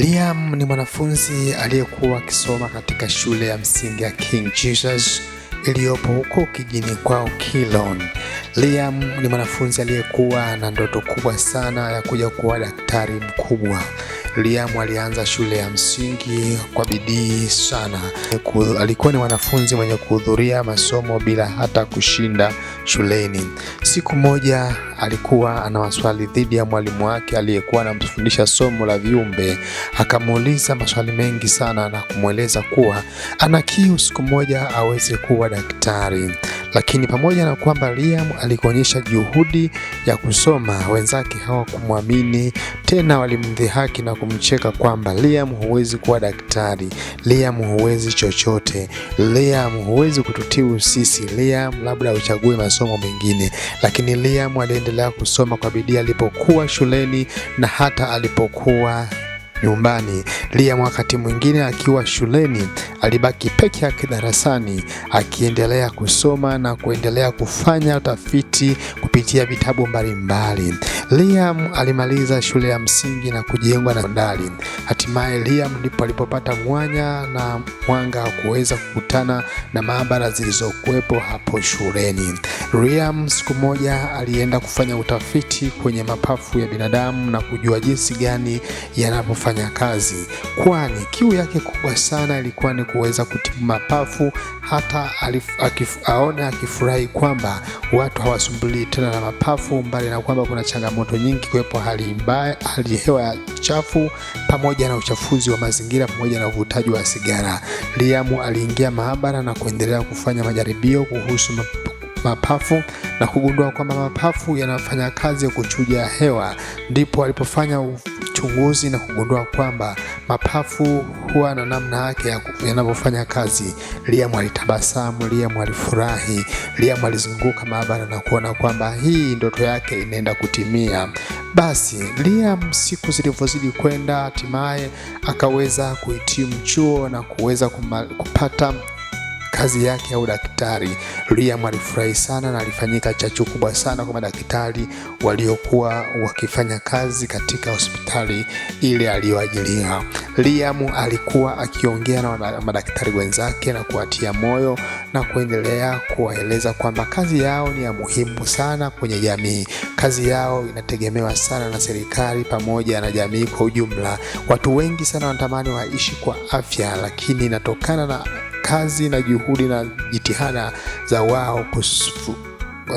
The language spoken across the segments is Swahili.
Liam ni mwanafunzi aliyekuwa akisoma katika shule ya msingi ya King Jesus iliyopo huko kijini kwao Kilon. Liam ni mwanafunzi aliyekuwa na ndoto kubwa sana ya kuja kuwa daktari mkubwa. Liam alianza shule ya msingi kwa bidii sana. Alikuwa ni mwanafunzi mwenye kuhudhuria masomo bila hata kushinda shuleni. Siku moja alikuwa ana maswali dhidi ya mwalimu wake aliyekuwa anamfundisha somo la viumbe. Akamuuliza maswali mengi sana na kumweleza kuwa ana kiu siku moja aweze kuwa daktari. Lakini pamoja na kwamba Liam alikuonyesha juhudi ya kusoma, wenzake hawakumwamini tena, walimdhihaki na kumcheka kwamba Liam, huwezi kuwa daktari, Liam huwezi chochote, Liam huwezi kututibu sisi, Liam labda uchague masomo mengine. Lakini Liam aliendelea aliendelea kusoma kwa bidii alipokuwa shuleni na hata alipokuwa nyumbani. Liam wakati mwingine akiwa shuleni alibaki peke yake darasani akiendelea kusoma na kuendelea kufanya utafiti kupitia vitabu mbalimbali. Liam alimaliza shule ya msingi na kujiunga na sekondari. Hatimaye Liam ndipo alipopata mwanya na mwanga wa kuweza kukutana na maabara zilizokuwepo hapo shuleni. Liam siku moja alienda kufanya utafiti kwenye mapafu ya binadamu na kujua jinsi gani yanapofanya kazi, kwani kiu yake kubwa sana ilikuwa ni kuweza kutibu mapafu. Hata aone akifurahi kwamba watu hawasumbulii tena na mapafu, mbali na kwamba kuna changamoto changamoto nyingi, kuwepo hali mbaya, hali hewa ya chafu pamoja na uchafuzi wa mazingira pamoja na uvutaji wa sigara. Liamu aliingia maabara na kuendelea kufanya majaribio kuhusu mapafu na kugundua kwamba mapafu yanafanya kazi ya kuchuja hewa. Ndipo alipofanya uchunguzi na kugundua kwamba Mapafu huwa na namna yake yanavyofanya kazi. Liam alitabasamu, Liam alifurahi, Liam alizunguka maabara na kuona kwamba hii ndoto yake inaenda kutimia. Basi Liam siku zilivyozidi kwenda, hatimaye akaweza kuhitimu chuo na kuweza kupata kazi yake ya udaktari. Liam alifurahi sana na alifanyika chachu kubwa sana kwa madaktari waliokuwa wakifanya kazi katika hospitali ile aliyoajiriwa. Liam alikuwa akiongea na madaktari wenzake na kuwatia moyo na kuendelea kuwaeleza kwamba kazi yao ni ya muhimu sana kwenye jamii. Kazi yao inategemewa sana na serikali pamoja na jamii kwa ujumla. Watu wengi sana wanatamani waishi kwa afya, lakini inatokana na kazi na juhudi na jitihada za wao kusufu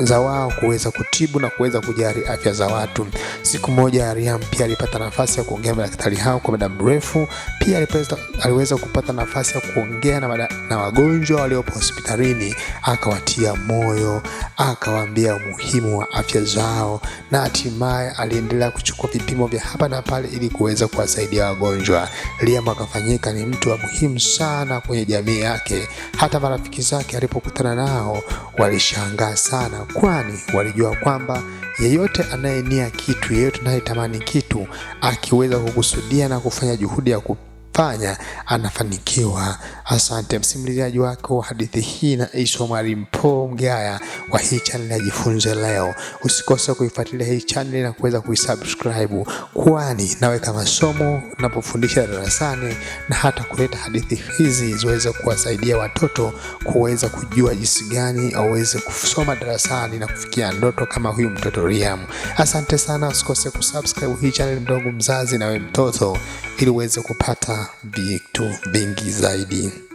za wao kuweza kutibu na kuweza kujali afya za watu. Siku moja Ariam pia alipata nafasi ya kuongea na daktari hao kwa muda mrefu. Pia alipata, aliweza kupata nafasi ya kuongea na, na wagonjwa waliopo hospitalini, akawatia moyo, akawaambia umuhimu wa afya zao, na hatimaye aliendelea kuchukua vipimo vya hapa na pale ili kuweza kuwasaidia wagonjwa. Liam akafanyika ni mtu wa muhimu sana kwenye jamii yake. Hata marafiki zake alipokutana nao walishangaa sana sana, kwani walijua kwamba yeyote anayenia kitu, yeyote anayetamani kitu, akiweza kukusudia na kufanya juhudi ya ku anakifanya anafanikiwa. Asante msimulizaji wako wa hadithi hii naitwa Mwalimu Paul Mgaya wa hii chaneli ya Jifunze Leo. Usikose kuifuatilia hii chaneli na kuweza kuisubscribe, kwani naweka masomo napofundisha darasani na hata kuleta hadithi hizi ziweze kuwasaidia watoto kuweza kujua jinsi gani waweze kusoma darasani na kufikia ndoto kama huyu mtoto Riam. Asante sana, usikose kusubscribe hii chaneli, mdogo mzazi nawe mtoto ili uweze kupata vitu vingi zaidi.